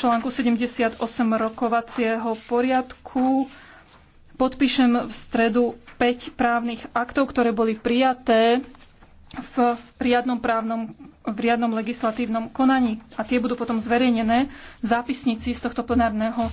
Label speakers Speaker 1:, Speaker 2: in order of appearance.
Speaker 1: článku 78 rokovacieho poriadku podpíšem v stredu 5 právnych aktov, ktoré boli prijaté v riadnom právnom, v riadnom legislatívnom konaní. A tie budú potom zverejnené
Speaker 2: v zápisnici z tohto plenárneho